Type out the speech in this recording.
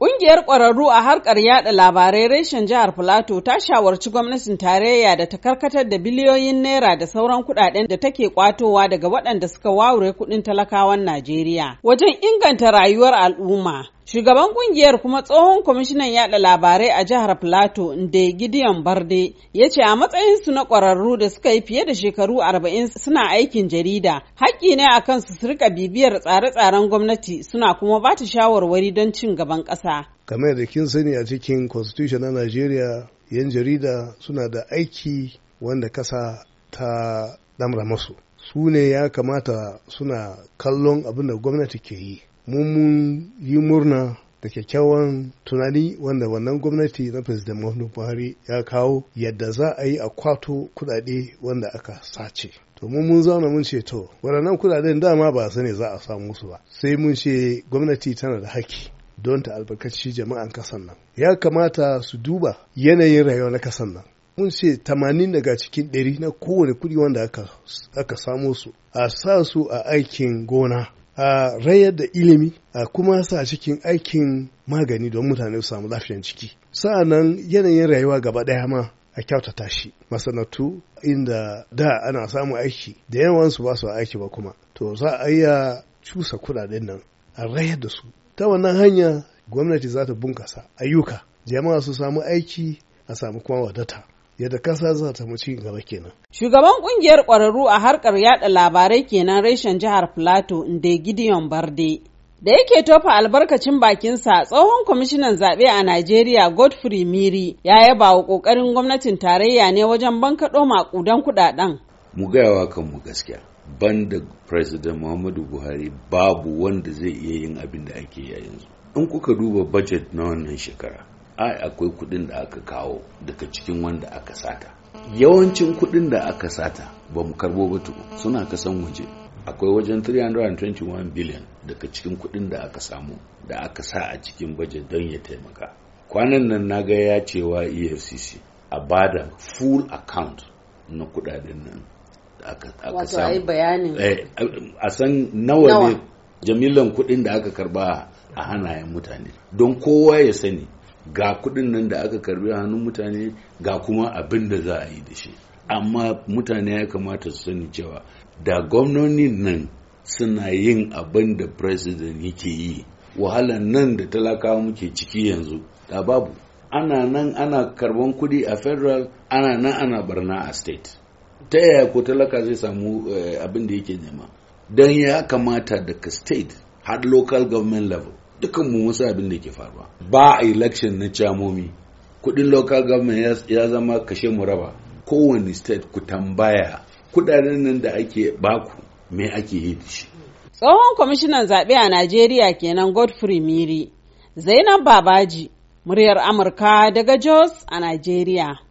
Ƙungiyar ƙwararru a harkar yada labarai reshen jihar Filato ta shawarci gwamnatin tarayya da ta karkatar da biliyoyin naira da sauran kuɗaɗen da take kwatowa daga waɗanda suka wawure kuɗin talakawan Najeriya wajen inganta rayuwar al'umma. Shugaban kungiyar kuma tsohon kwamishinan yada labarai a jihar Plateau da Gideon Barde ya ce a matsayinsu na ƙwararru da suka yi fiye da shekaru arba'in suna aikin jarida haƙƙi ne a kan su rika bibiyar tsare-tsaren gwamnati suna kuma ba ta shawarwari don cin gaban ƙasa. Kamar da kin sani a cikin constitution na Najeriya yan jarida suna da aiki wanda ƙasa ta damra masu. Su ne ya kamata suna kallon abin da gwamnati ke yi. mun yi murna da kyakkyawan tunani wanda wannan gwamnati na president Muhammadu Buhari ya kawo yadda za a yi a kwato kudade wanda aka sace. To mun mun zauna mun ce to waɗannan kudaden dama ba su ne za a samu su ba sai mun ce gwamnati tana da haƙƙi don ta albarkaci jama'an kasan nan. Ya kamata su duba yanayin rayuwa na kasan nan. mun ce 80 daga cikin 100 na kowane kuɗi wanda aka, aka samo su a sa su a aikin gona a rayar da ilimi a kuma sa cikin aikin magani don mutane su samu lafiyan ciki sa'annan yanayin rayuwa gaba ɗaya ma a kyautata shi masanatu inda da ana samun aiki da yawansu ba su aiki ba kuma to za a iya cusa kudaden nan a rayar da su ta wannan hanya gwamnati za ta bunkasa ayyuka jama'a su samu aiki a samu kuma wadata yadda kasa za ta mace gaba kenan. Shugaban kungiyar ƙwararru a harkar yada labarai kenan reshen jihar Plateau inda Gideon Barde. Da yake tofa albarkacin bakinsa tsohon kwamishinan zaɓe a Najeriya Godfrey Miri ya yaba wa ƙoƙarin gwamnatin tarayya ne wajen bankaɗo maƙudan kuɗaɗen. Mu gayawa kanmu gaskiya. ban da President Muhammadu Buhari babu wanda zai iya yin abin da ake yi a yanzu. In kuka duba budget na wannan shekara, ai akwai kudin da aka kawo daga cikin wanda aka sata yawancin kudin da aka sata ba mu karbo ba tuku suna kasan waje akwai wajen 321 billion daga cikin kudin da aka samu da aka sa a cikin baje don ya taimaka kwanan nan na ga ya cewa efcc a bada full account na kudaden nan da aka samu eh, a san nawa ne jamilan kudin da aka karba a hannayen mutane don kowa ya sani ga kudin nan da aka karbi a hannun mutane ga kuma abin da za a yi da shi amma mutane ya kamata su sani cewa da gwamnonin nan suna yin abin da president yake yi wahalan nan da talakawa muke ciki yanzu da babu ana nan ana karban kudi a federal ana nan ana barna a state ta yaya ko talaka zai samu eh, abin da yake nema don ya kamata daga state har local government level dukan mu mun abin da ke faruwa ba a election na camomi kudin local government ya zama kashe mu raba kowane state ku tambaya kudaden nan da ake baku me ake yi da shi tsohon kwamishinan zaɓe a najeriya kenan godfrey miri zainab babaji muryar amurka daga jos a najeriya